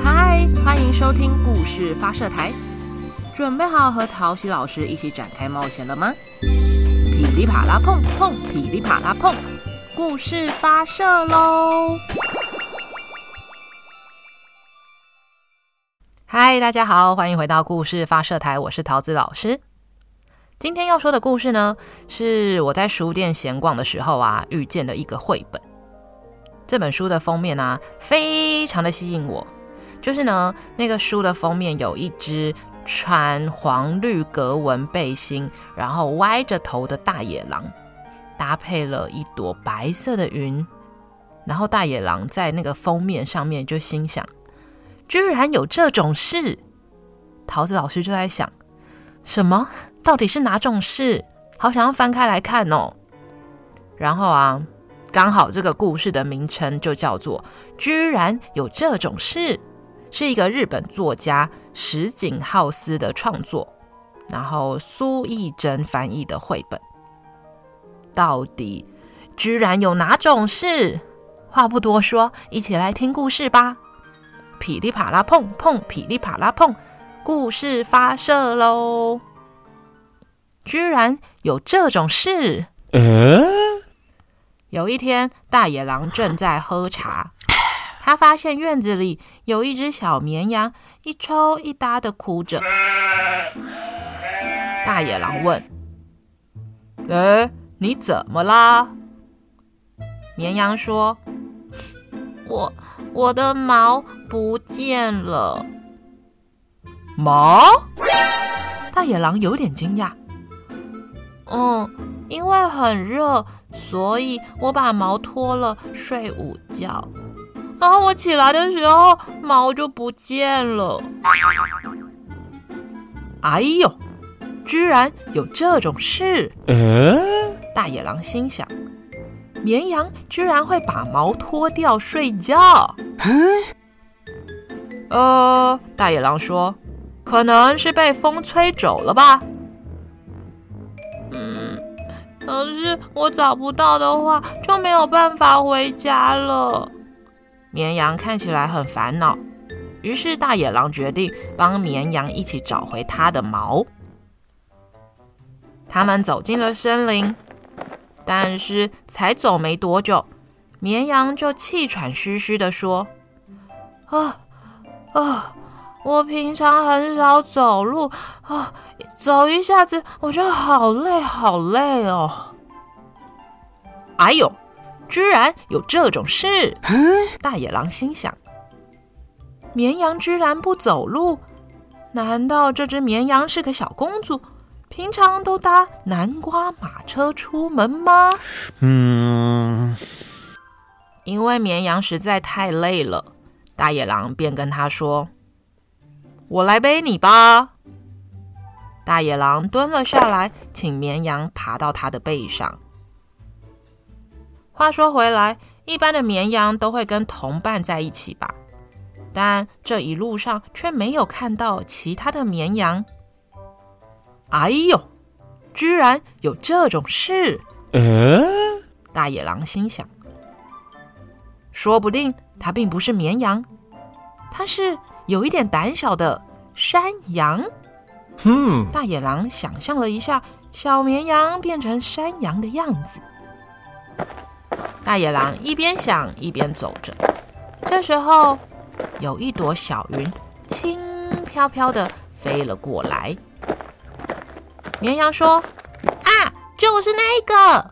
嗨，歡迎收聽故事發射台，準備好和陶喜老師一起展開冒險了嗎？噼里啪啦碰碰，噼里啪啦碰，故事發射嘍！嗨，大家好，歡迎回到故事發射台，我是陶子老師。今天要說的故事呢，是我在書店閒逛的時候啊，遇見的一個繪本。這本書的封面呢、啊，非常的吸引我。就是呢，那個書的封面有一隻穿黃綠格紋背心，然後歪着頭的大野狼，搭配了一朵白色的雲。然後大野狼在那個封面上面就心想：居然有這種事！陶子老師就在想：什麼？到底是哪種事？好想要翻開來看哦。然後啊，剛好這個故事的名稱就叫做《居然有這種事》。是一個日本作家石井浩司的創作，然後蘇懿禎翻譯的繪本。到底居然有哪種事？話不多說，一起來聽故事吧！噼裡啪啦碰碰，噼裡啪啦碰，故事發射嘍！居然有這種事？嗯，有一天，大野狼正在喝茶。他發現院子裡有一隻小綿羊，一抽一搭的哭着。大野狼問：“哎，你怎麼啦？”綿羊說：“我我的毛不見了。”毛？大野狼有點驚訝。嗯，因為很熱，所以我把毛脫了，睡午覺。然後我起來的時候，毛就不見了。哎呦，居然有這種事！呃！大野狼心想：綿羊居然會把毛脫掉睡覺。呃，大野狼說：“可能是被風吹走了吧。”嗯，可是我找不到的話，就沒有辦法回家了。綿羊看起來很煩惱，於是大野狼決定幫綿羊一起找回它的毛。他們走進了森林，但是才走沒多久，綿羊就氣喘吁吁地說：“啊啊，我平常很少走路啊，走一下子我就好累好累哦，哎呦！”居然有這種事！大野狼心想：綿羊居然不走路，難道這隻綿羊是個小公主，平常都搭南瓜馬車出門嗎？嗯，因為綿羊實在太累了，大野狼便跟他說：“我來背你吧。”大野狼蹲了下來，請綿羊爬到他的背上。話說回來，一般的綿羊都會跟同伴在一起吧？但這一路上卻沒有看到其他的綿羊。哎呦，居然有這種事！嗯，大野狼心想，說不定它並不是綿羊，它是有一點膽小的山羊。嗯，大野狼想象了一下小綿羊變成山羊的樣子。大野狼一邊想一邊走着，這時候有一朵小雲輕飄飄的飛了過來。綿羊說：“啊，就是那個！”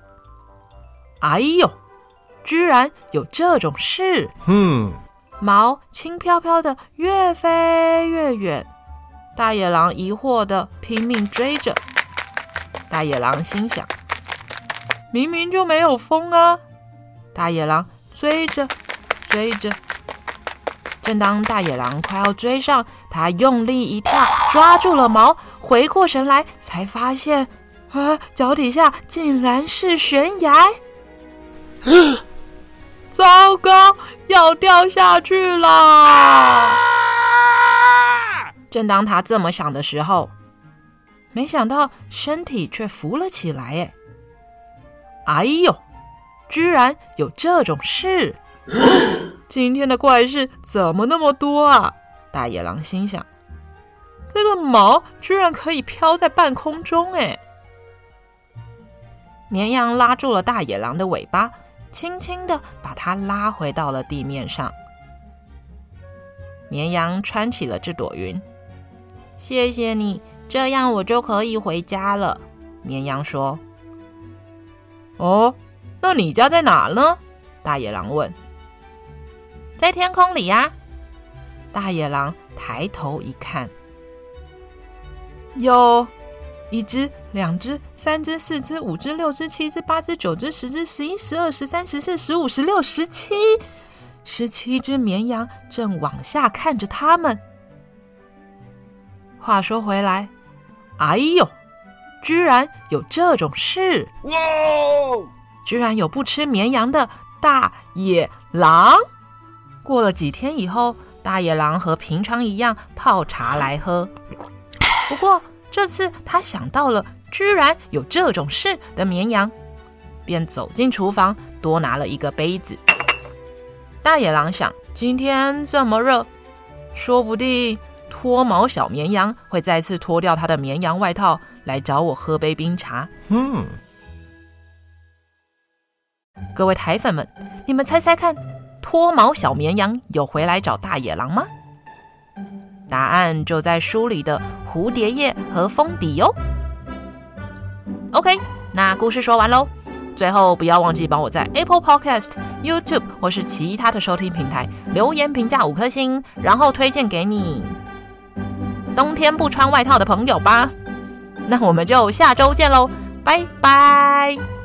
哎呦，居然有這種事！哼、嗯，毛輕飄飄的越飛越遠，大野狼疑惑的拼命追着。大野狼心想：“明明就沒有風啊！”大野狼追着追着，正當大野狼快要追上，他用力一跳，抓住了毛。回過神來，才發現，啊、呃，腳底下竟然是懸崖！糟糕，要掉下去啦、啊！正當他這麼想的時候，沒想到身體卻浮了起來。哎喲，哎呦！居然有這種事！今天的怪事怎麼那麼多啊？大野狼心想：“這、那個毛居然可以飄在半空中！”哎，綿羊拉住了大野狼的尾巴，輕輕地把它拉回到了地面上。綿羊穿起了這朵雲。“謝謝你，這樣我就可以回家了。”綿羊說。“哦。”那你家在哪呢？大野狼問。在天空裡呀、啊。大野狼抬頭一看，有一隻、兩隻、三隻、四隻、五隻、六隻、七隻、八隻、九隻、十隻、十一、十二、十三、十四、十五、十六、十七，十七隻綿羊正往下看着他們。話說回來，哎呦，居然有這種事！哇。居然有不吃綿羊的大野狼！過了幾天以後，大野狼和平常一樣泡茶來喝。不過這次他想到了居然有這種事的綿羊，便走進廚房多拿了一個杯子。大野狼想，今天這麼熱，說不定脫毛小綿羊會再次脫掉他的綿羊外套來找我喝杯冰茶。嗯。各位陶粉們，你們猜猜看，脫毛小綿羊有回來找大野狼嗎？答案就在書裡的蝴蝶頁和封底喲、哦。OK，那故事說完嘍，最後不要忘記幫我在 Apple Podcast、YouTube 或是其他的收聽平台留言評價五顆星，然後推薦給你冬天不穿外套的朋友吧。那我們就下周見嘍，拜拜。